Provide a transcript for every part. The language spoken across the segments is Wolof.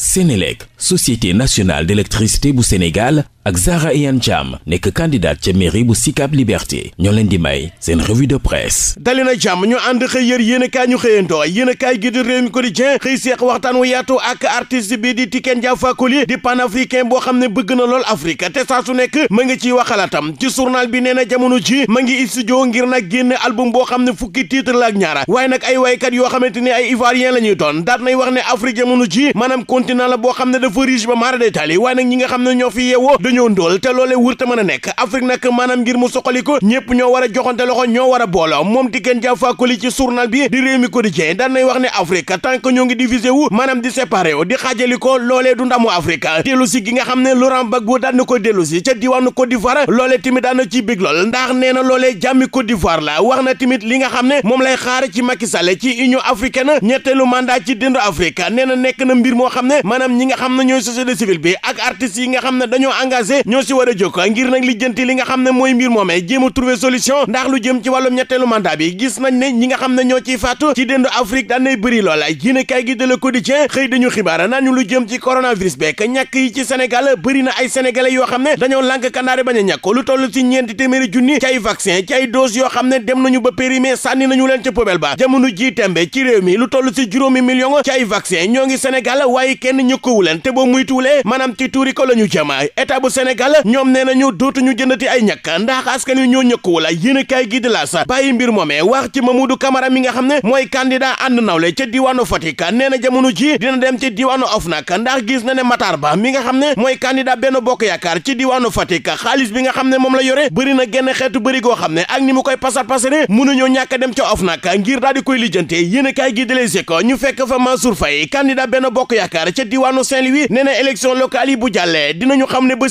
Sénélec société nationale d'électricité bu Sénégal ak Zahra Iyane Thiam nekk candidate ca mairie bu Sicap Liberté ñoo leen di may seen revue de presse dali na jàmm ñu ànd xëy yër yéen a ñu xëyandoo yéen a gi di Rewmi Quotidien xëy seex waxtaan wu yaatu ak artiste bi di Tiken Jah Fakoly di panafricain boo xam ne bëgg na lool Afrique te saa su nekk ma ngi ciy waxalaatam ci journal bi nee na jamono ji ma ngi studio ngir nag génn album boo xam ne fukki titre la ak ñaara waaye nag ay la ñuy doon daat nay wax ne Afrique jamono ji maanaam continent xam ne dafa riche waaye nag ñi nga xam ñëw ndóol te loolee wurta mën a nekk Afrique nag a a di réew mi quotidien daan ne Afrique tant que ñoo ngi divisé wu maanaam di di xaajali ko loolee du ndamu Afrique dellu si gi nga ca diwaanu Côte d'Ivoire loolee tamit daan na ciy bég lool ndax nee na loolee jàmmi Côte d'Ivoire la wax na li nga xam ne moom lay xaar ci Macky Sall ci Union africaine ñetteelu mandat ci dënd Afrique nee nekk na mbir moo xam ne maanaam ñi nga xam ne ñooy société civile bi ak artistes yi nga xam ne dañoo engagé engagé ñoo si war a jóg ngir nag lijjanti li nga xam ne mooy mbir moomee jéem a trouver ndax lu jëm ci wàllum ñetteelu mandat bi gis nañ ne ñi nga xam ne ñoo ciy faatu ci déndu Afrique daan nay bëri lool yéene kaay gi de Le Quotidien xëy dañu xibaar naan ñu lu jëm ci coronavirus beek ñàkk yi ci Sénégal bëri na ay sénégalais yoo xam ne dañoo lànk kandaare bañ a ñàkk lu toll ci ñeenti téeméeri junni ci ay vaccin ci ay dose yoo xam ne dem nañu ba périmé sànni nañu leen ca poubelle ba jamono ji tembe ci réew mi lu toll ci juróomi million ci ay vaccin ñoo ngi Sénégal waaye kenn ñëkkoowu leen te boo muytuwulee maanaam ci tuuri ko la ñu jëm bu Sénégal ñoom nee nañu dootuñu jëndati ay ñàkk ndax askan wi ñoo ñëkk wala yéenekaay gi di L'As bàyyi mbir moomee wax ci Mamadou Camara mi nga xam ne mooy candidat ànd nawle ca diwaanu Fatick nee na jamono ji dina dem ci diwaanu OFNAC ndax gis na ne Matar Ba mi nga xam ne mooy candidat Benno Bokk Yaakaar ci diwaanu Fatick xaalis bi nga xam ne moom la yore bëri na genn xeetu bëri goo xam ne ak ni mu koy pasar pasare mënuñoo ñàkk dem ca OFNAC ngir daal di koy gi di Les Échos ñu fekk fa Mansour Faye candidat Benno Bokk Yaakaar ca diwaanu Saint-Louis nee na élection locale yi bu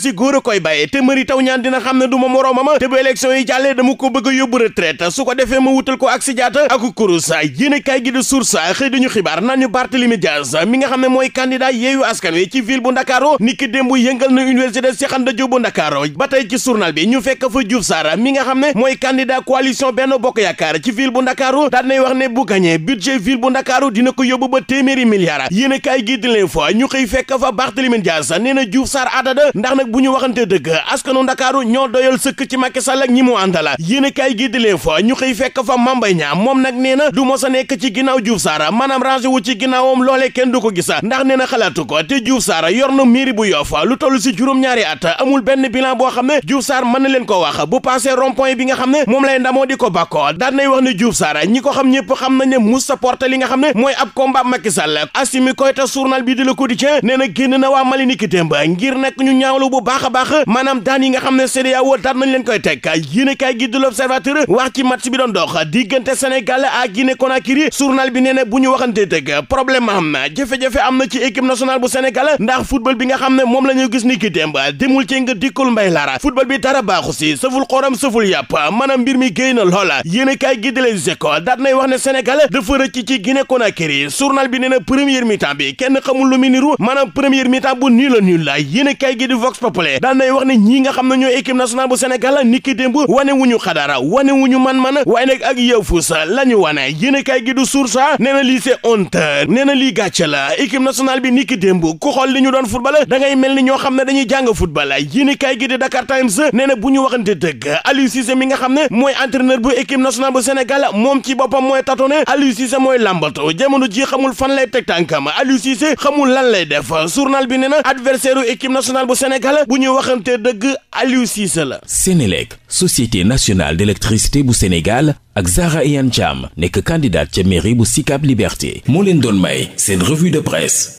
ci góor a koy bàyyee te Mary Teuw Niane dina xam ne du ma moroomam te yi jàllee dama ko bëgg yóbbu retraite su ko defee ma ko ak si jaata ak kurus yéene kaay gi de xëy dañu xibaar naan ñu Barthélemy Diaz mi nga xam ne mooy candidat yeeyu askan wi ci ville bu Ndakaaru niki démb yëngal na université Cheikh Anta Diop bu Ndakaaru ba tey ci journal bi ñu fekk fa Diouf Sarr mi nga xam ne mooy candidat coalition Benno Bokk Yaakaar ci ville bu Ndakaaru daan nay wax ne bu gagné budget ville bu Ndakaaru ko yóbbu ba téeméeri milliards yéene kaay gi di leen fa ñu xëy fekk fa Barthélemy Diaz nee bu ñu waxante dëgg askanu ndakaaru ñoo doyal sëkk ci Macky Sall ak ñi mu àndala yéenekaay gi di leen fa ñu xëy fekk fa Mambay Niang moom nag nee na du mos a nekk ci ginnaaw Diouf Sarr maanaam rangé wu ci ginnaawam loolee kenn du ko gisa ndax nee na xalaatu ko te Diouf Sarr yor na mairie bu Yoff lu toll si juróom-ñaari at amul benn bilan boo xam ne Diouf Sarr mën na leen ko wax bu passé rond-point bi nga xam ne moom lay ndamoo di ko bàkkoo daan nay wax ne Diouf Sarr ñi ko xam ñëpp xam nañ ne mus supporté li nga xam ne mooy ab combat Macky Sall Assimi Koïta bi di Le Quotidien nee na génn na waa Mali niki démb ngir nag ñu ñaawlu bu baax a baax maanaam daan yi nga xam ne CEDEAO daan nañ leen teg yéen kaay gi du wax ci match bi doon dox diggante Sénégal ak Guinée Conakry journal bi nee bu ñu waxantee dëgg problème am na jafe-jafe am na ci équipe nationale bu Sénégal ndax football bi nga ne moom la ñu gis ni ki démb demul ci nga dikkul mbay laara football bi dara baaxu si sëful xoram sëful yàpp maanaam mbir mi géy na loola yéen kaay gi di Les Échos nay wax ne Sénégal dafa rëcc ci Guinée jàppale daan nay wax ne ñii nga xam ne ñoo équipe nationale bu Sénégal niki démb wane wu ñu xadaara wane wu ñu man-man waaye nag ak yëfus la ñu wane yéene kaay gi du source nee na lii c'est honte nee na lii gàcce la équipe nationale bi niki démb ku xool li ñu doon football da ngay mel ni ñoo xam ne dañuy jàng football yéene kaay gi di Dakar Times nee na bu ñu waxante dëgg Aliou Cissé mi nga xam ne mooy entraîneur bu équipe nationale bu Sénégal moom ci boppam mooy tâtonné Aliou Cissé mooy làmbato jamono ji xamul fan lay teg tànkam Aliou Cissé xamul lan lay def journal bi nee na adversaire équipe nationale bu Sénégal bu ñu waxante dëgg Aliou Cissé la Sénélec société nationale d'électricité bu Sénégal ak Zahra Iyane Thiam nekk candidate ca mairie bu Sicap Liberté moo leen doon may seen revue de presse